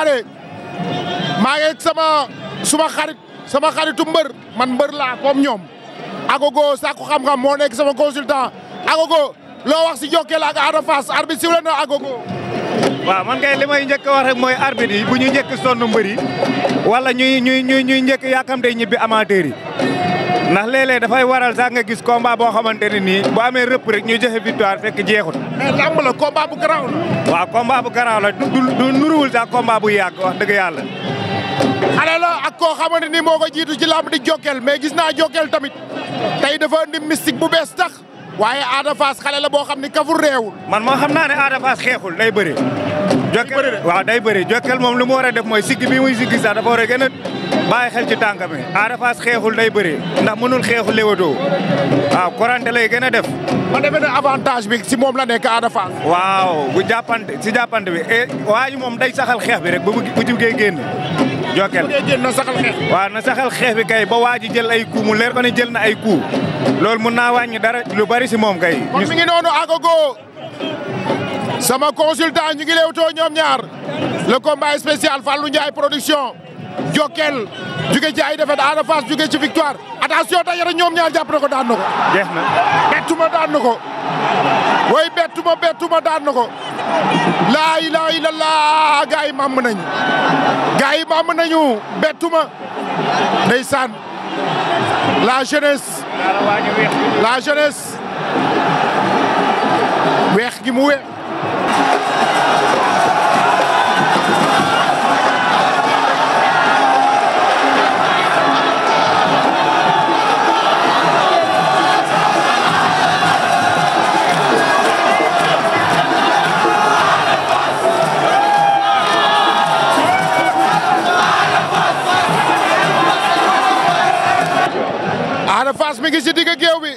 Sané maa ngi sama suma xarit sama xaritu mbër man mbër laa comme ñoom Agogo sàkku xam-xam moo nekk sama consultant Agogo loo wax si Jokal ak Ada Fass arbitre siw la na man kay li may njëkk wax rek mooy arbitre yi bu ñu njëkk sonn mbër yi wala ñuy ñuy ñuy ñuy njëkk yàkkamte ñibbi amateur yi. ndax léeg dafay waral sax nga gis combat boo xamante ne nii bu amee rëpp rek ñu joxe victoire fekk jeexut. mais lamb la combat bu garaaw la. waaw combat bu garaaw la du du nuruwul sax combat bu yàgg wax dëgg yàlla. ak koo xamante ni moo ko jiitu ci lamb di Jokkel mais gis naa Jokkel tamit tey dafa indi mystique bu bees tax waaye Ada Fass la boo xam ni kafur réewul. man moo xam naa ne Ada xeexul lay bëri. Jokkel waaw day bëri Jokkel moom lu mu war a def mooy siggi bi muy siggi sax dafa war a gën a bàyyi xel ci tànk mi Ada Fass xeexul day bëri ndax mënul xeexu léwatoo waaw korante lay gën a def ma defe ne avantage bi si moom la nekk Ada Fass waaw bu jàppante si jàppante bi e eh, waaye moom day saxal xeex bi rek bu bu jugee génn Jokkel na saxal xeex waaw na saxal xeex bi kay ba waa ji jël ay coup mu leer ba ne jël na ay coup loolu mun naa wàññi dara lu bari si moom kay sama consultant ñu ngi leewtoo ñoom ñaar le combat spécial Fallou Ndiaye production Jokkel jóge ci ay défaite Ada Fass ci victoire attention ta yara ñoom ñaar jàpp ko daana na ko. jeex na ko way bettuma bettuma na ko. laa ilaaha illallah gaa yi màmm nañu gaa yi màmm nañu bettuma ndeysaan la jeunesse la jeunesse weex gi mu weex. Ada Fass mi ngi ci digg géew bi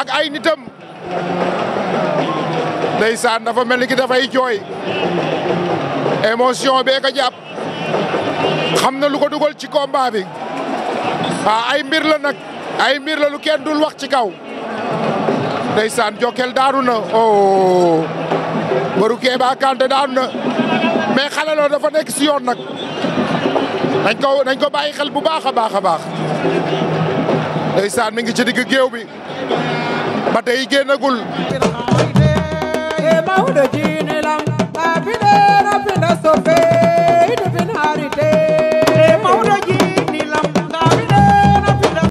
ak ay nitam ndeysaan dafa mel ni ki dafay jooy émotion bee ko jàpp xam na lu ko dugal ci combat bi ah ay mbir la nag ay mbir la lu kenn dul wax ci kaw ndeysaan Jokal daanu na oh Baru Keba Kanté daanu na mais xale loo dafa nekk si yoon nag dañ ko dañ ko bàyyi xel bu baax a baax a baax ndeysaan mi ngi ci digg géew bi ba tey génnagul